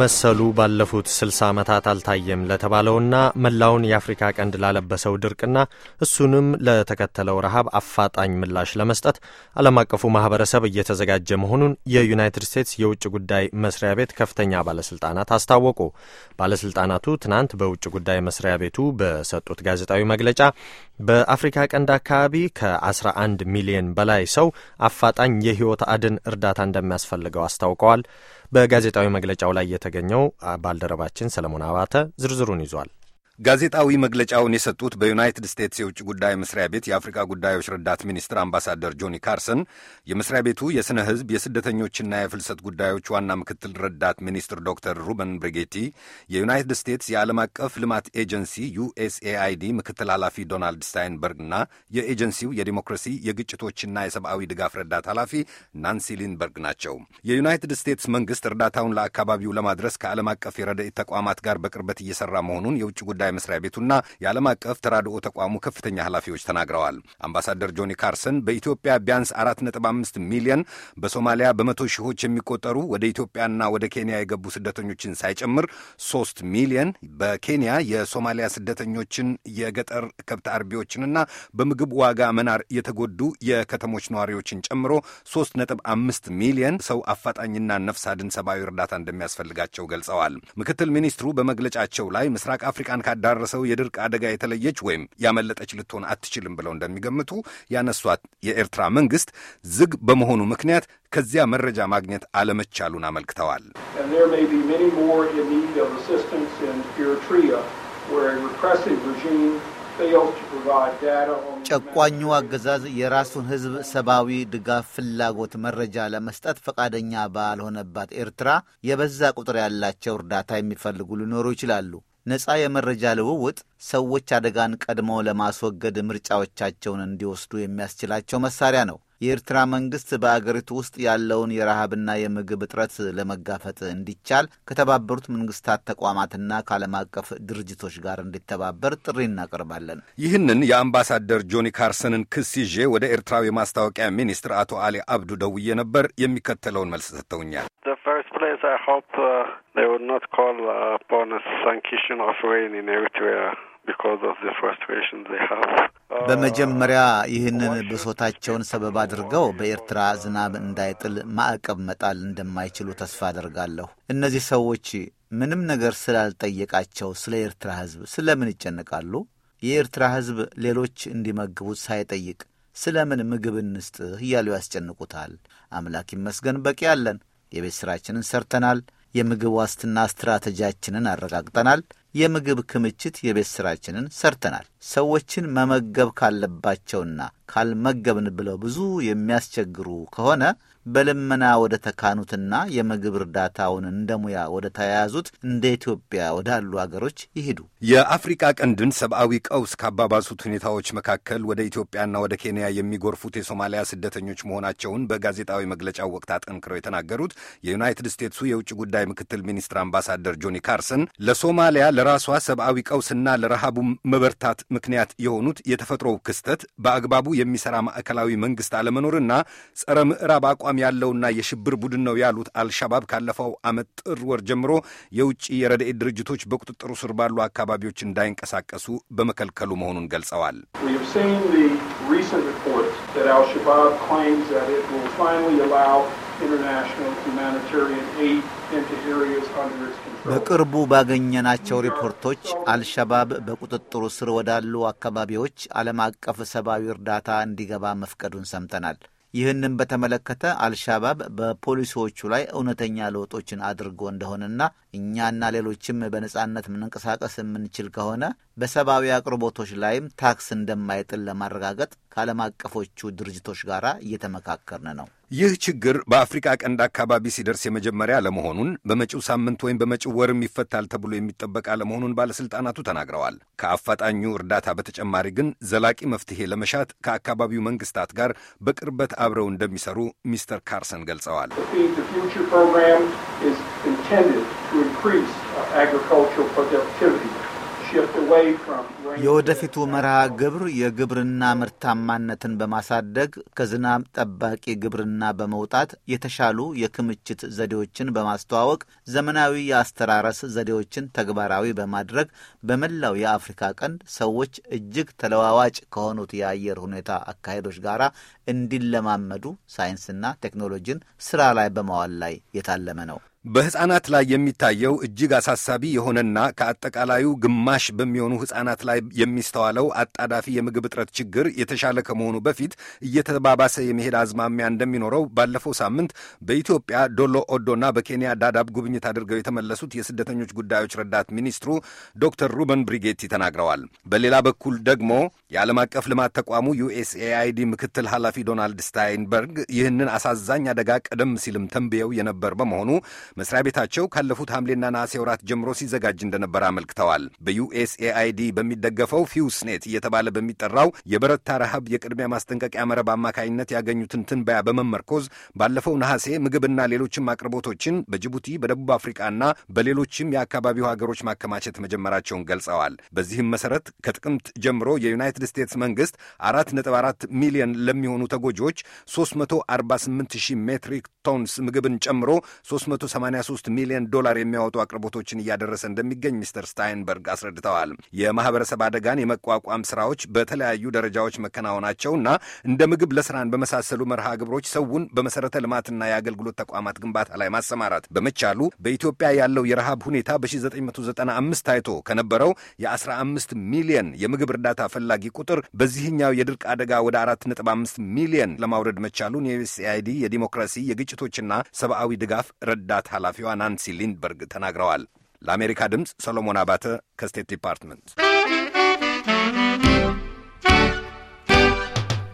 መሰሉ ባለፉት 60 ዓመታት አልታየም ለተባለውና መላውን የአፍሪካ ቀንድ ላለበሰው ድርቅና እሱንም ለተከተለው ረሃብ አፋጣኝ ምላሽ ለመስጠት ዓለም አቀፉ ማህበረሰብ እየተዘጋጀ መሆኑን የዩናይትድ ስቴትስ የውጭ ጉዳይ መስሪያ ቤት ከፍተኛ ባለስልጣናት አስታወቁ። ባለስልጣናቱ ትናንት በውጭ ጉዳይ መስሪያ ቤቱ በሰጡት ጋዜጣዊ መግለጫ በአፍሪካ ቀንድ አካባቢ ከ11 ሚሊዮን በላይ ሰው አፋጣኝ የህይወት አድን እርዳታ እንደሚያስፈልገው አስታውቀዋል። በጋዜጣዊ መግለጫው ላይ የተገኘው ባልደረባችን ሰለሞን አባተ ዝርዝሩን ይዟል። ጋዜጣዊ መግለጫውን የሰጡት በዩናይትድ ስቴትስ የውጭ ጉዳይ መስሪያ ቤት የአፍሪካ ጉዳዮች ረዳት ሚኒስትር አምባሳደር ጆኒ ካርሰን የመስሪያ ቤቱ የሥነ ሕዝብ የስደተኞችና የፍልሰት ጉዳዮች ዋና ምክትል ረዳት ሚኒስትር ዶክተር ሩበን ብሪጌቲ፣ የዩናይትድ ስቴትስ የዓለም አቀፍ ልማት ኤጀንሲ ዩኤስኤአይዲ ምክትል ኃላፊ ዶናልድ እና የኤጀንሲው የዲሞክራሲ የግጭቶችና የሰብአዊ ድጋፍ ረዳት ኃላፊ ናንሲ ሊንበርግ ናቸው። የዩናይትድ ስቴትስ መንግሥት እርዳታውን ለአካባቢው ለማድረስ ከዓለም አቀፍ የረድኤት ተቋማት ጋር በቅርበት እየሠራ መሆኑን የውጭ ጉዳይ ጉዳይ መስሪያ ቤቱና የዓለም አቀፍ ተራድኦ ተቋሙ ከፍተኛ ኃላፊዎች ተናግረዋል። አምባሳደር ጆኒ ካርሰን በኢትዮጵያ ቢያንስ 4.5 ሚሊዮን በሶማሊያ በመቶ ሺዎች የሚቆጠሩ ወደ ኢትዮጵያና ወደ ኬንያ የገቡ ስደተኞችን ሳይጨምር 3 ሚሊዮን በኬንያ የሶማሊያ ስደተኞችን የገጠር ከብት አርቢዎችንና በምግብ ዋጋ መናር የተጎዱ የከተሞች ነዋሪዎችን ጨምሮ 3.5 ሚሊዮን ሰው አፋጣኝና ነፍስ አድን ሰብአዊ እርዳታ እንደሚያስፈልጋቸው ገልጸዋል። ምክትል ሚኒስትሩ በመግለጫቸው ላይ ምስራቅ አፍሪካን ዳረሰው የድርቅ አደጋ የተለየች ወይም ያመለጠች ልትሆን አትችልም ብለው እንደሚገምቱ ያነሷት የኤርትራ መንግስት ዝግ በመሆኑ ምክንያት ከዚያ መረጃ ማግኘት አለመቻሉን አመልክተዋል። ጨቋኙ አገዛዝ የራሱን ሕዝብ ሰብአዊ ድጋፍ ፍላጎት መረጃ ለመስጠት ፈቃደኛ ባልሆነባት ኤርትራ የበዛ ቁጥር ያላቸው እርዳታ የሚፈልጉ ሊኖሩ ይችላሉ። ነጻ የመረጃ ልውውጥ ሰዎች አደጋን ቀድመው ለማስወገድ ምርጫዎቻቸውን እንዲወስዱ የሚያስችላቸው መሳሪያ ነው። የኤርትራ መንግስት በአገሪቱ ውስጥ ያለውን የረሃብና የምግብ እጥረት ለመጋፈጥ እንዲቻል ከተባበሩት መንግስታት ተቋማትና ከዓለም አቀፍ ድርጅቶች ጋር እንዲተባበር ጥሪ እናቀርባለን። ይህንን የአምባሳደር ጆኒ ካርሰንን ክስ ይዤ ወደ ኤርትራው የማስታወቂያ ሚኒስትር አቶ አሊ አብዱ ደውዬ ነበር። የሚከተለውን መልስ ሰጥተውኛል። not call uh, upon a sanction of rain in Eritrea because of the they have. Uh, በመጀመሪያ ይህንን ብሶታቸውን ሰበብ አድርገው በኤርትራ ዝናብ እንዳይጥል ማዕቀብ መጣል እንደማይችሉ ተስፋ አደርጋለሁ። እነዚህ ሰዎች ምንም ነገር ስላልጠየቃቸው ስለ ኤርትራ ሕዝብ ስለምን ይጨነቃሉ? የኤርትራ ሕዝብ ሌሎች እንዲመግቡት ሳይጠይቅ ስለምን ምግብ እንስጥህ እያሉ ያስጨንቁታል። አምላክ ይመስገን በቂ አለን። የቤት ሥራችንን ሰርተናል። የምግብ ዋስትና ስትራቴጂያችንን አረጋግጠናል። የምግብ ክምችት የቤት ስራችንን ሰርተናል። ሰዎችን መመገብ ካለባቸውና ካልመገብን ብለው ብዙ የሚያስቸግሩ ከሆነ በልመና ወደ ተካኑትና የምግብ እርዳታውን እንደ ሙያ ወደ ተያያዙት እንደ ኢትዮጵያ ወዳሉ አገሮች ይሄዱ። የአፍሪቃ ቀንድን ሰብአዊ ቀውስ ካባባሱት ሁኔታዎች መካከል ወደ ኢትዮጵያና ወደ ኬንያ የሚጎርፉት የሶማሊያ ስደተኞች መሆናቸውን በጋዜጣዊ መግለጫው ወቅት አጠንክረው የተናገሩት የዩናይትድ ስቴትሱ የውጭ ጉዳይ ምክትል ሚኒስትር አምባሳደር ጆኒ ካርሰን ለሶማሊያ ለራሷ ሰብአዊ ቀውስና ለረሃቡ መበርታት ምክንያት የሆኑት የተፈጥሮው ክስተት፣ በአግባቡ የሚሰራ ማዕከላዊ መንግስት አለመኖርና ጸረ ምዕራብ አቋም ያለውና የሽብር ቡድን ነው ያሉት አልሻባብ ካለፈው ዓመት ጥር ወር ጀምሮ የውጭ የረድኤት ድርጅቶች በቁጥጥሩ ስር ባሉ አካባቢዎች እንዳይንቀሳቀሱ በመከልከሉ መሆኑን ገልጸዋል። recent that Al-Shabaab claims that it will finally allow international humanitarian aid into areas under its control. በቅርቡ ባገኘናቸው ሪፖርቶች አልሸባብ በቁጥጥሩ ስር ወዳሉ አካባቢዎች ዓለም አቀፍ ሰብአዊ እርዳታ እንዲገባ መፍቀዱን ሰምተናል። ይህንም በተመለከተ አልሻባብ በፖሊሲዎቹ ላይ እውነተኛ ለውጦችን አድርጎ እንደሆነና እኛና ሌሎችም በነጻነት መንቀሳቀስ የምንችል ከሆነ በሰብአዊ አቅርቦቶች ላይም ታክስ እንደማይጥል ለማረጋገጥ ከዓለም አቀፎቹ ድርጅቶች ጋር እየተመካከርን ነው። ይህ ችግር በአፍሪካ ቀንድ አካባቢ ሲደርስ የመጀመሪያ ለመሆኑን በመጪው ሳምንት ወይም በመጪው ወርም ይፈታል ተብሎ የሚጠበቅ አለመሆኑን ባለሥልጣናቱ ተናግረዋል። ከአፋጣኙ እርዳታ በተጨማሪ ግን ዘላቂ መፍትሄ ለመሻት ከአካባቢው መንግስታት ጋር በቅርበት አብረው እንደሚሰሩ ሚስተር ካርሰን ገልጸዋል። ፕሮግራም የወደፊቱ መርሃ ግብር የግብርና ምርታማነትን በማሳደግ ከዝናብ ጠባቂ ግብርና በመውጣት የተሻሉ የክምችት ዘዴዎችን በማስተዋወቅ ዘመናዊ የአስተራረስ ዘዴዎችን ተግባራዊ በማድረግ በመላው የአፍሪካ ቀንድ ሰዎች እጅግ ተለዋዋጭ ከሆኑት የአየር ሁኔታ አካሄዶች ጋር እንዲለማመዱ ሳይንስና ቴክኖሎጂን ስራ ላይ በማዋል ላይ የታለመ ነው። በሕፃናት ላይ የሚታየው እጅግ አሳሳቢ የሆነና ከአጠቃላዩ ግማሽ በሚሆኑ ሕፃናት ላይ የሚስተዋለው አጣዳፊ የምግብ እጥረት ችግር የተሻለ ከመሆኑ በፊት እየተባባሰ የመሄድ አዝማሚያ እንደሚኖረው ባለፈው ሳምንት በኢትዮጵያ ዶሎ ኦዶና በኬንያ ዳዳብ ጉብኝት አድርገው የተመለሱት የስደተኞች ጉዳዮች ረዳት ሚኒስትሩ ዶክተር ሩበን ብሪጌቲ ተናግረዋል። በሌላ በኩል ደግሞ የዓለም አቀፍ ልማት ተቋሙ ዩኤስኤአይዲ ምክትል ኃላፊ ዶናልድ ስታይንበርግ ይህንን አሳዛኝ አደጋ ቀደም ሲልም ተንብየው የነበር በመሆኑ መስሪያ ቤታቸው ካለፉት ሐምሌና ነሐሴ ወራት ጀምሮ ሲዘጋጅ እንደነበር አመልክተዋል። በዩኤስኤአይዲ በሚደገፈው ፊውስኔት እየተባለ በሚጠራው የበረታ ረሃብ የቅድሚያ ማስጠንቀቂያ መረብ አማካኝነት ያገኙትን ትንበያ በመመርኮዝ ባለፈው ነሐሴ ምግብና ሌሎችም አቅርቦቶችን በጅቡቲ በደቡብ አፍሪቃና በሌሎችም የአካባቢው ሀገሮች ማከማቸት መጀመራቸውን ገልጸዋል። በዚህም መሰረት ከጥቅምት ጀምሮ የዩናይትድ ስቴትስ መንግስት 4.4 ሚሊዮን ለሚሆኑ ተጎጂዎች 348 ሺህ ሜትሪክ ቶንስ ምግብን ጨምሮ 83 ሚሊዮን ዶላር የሚያወጡ አቅርቦቶችን እያደረሰ እንደሚገኝ ሚስተር ስታይንበርግ አስረድተዋል። የማህበረሰብ አደጋን የመቋቋም ስራዎች በተለያዩ ደረጃዎች መከናወናቸውና እንደ ምግብ ለስራን በመሳሰሉ መርሃ ግብሮች ሰውን በመሰረተ ልማትና የአገልግሎት ተቋማት ግንባታ ላይ ማሰማራት በመቻሉ በኢትዮጵያ ያለው የረሃብ ሁኔታ በ1995 ታይቶ ከነበረው የ15 ሚሊየን የምግብ እርዳታ ፈላጊ ቁጥር በዚህኛው የድርቅ አደጋ ወደ 4.5 ሚሊየን ለማውረድ መቻሉን የዩኤስኤአይዲ የዲሞክራሲ የግጭቶችና ሰብአዊ ድጋፍ ረዳት ኃላፊዋ ናንሲ ሊንድበርግ ተናግረዋል። ለአሜሪካ ድምፅ ሰሎሞን አባተ ከስቴት ዲፓርትመንት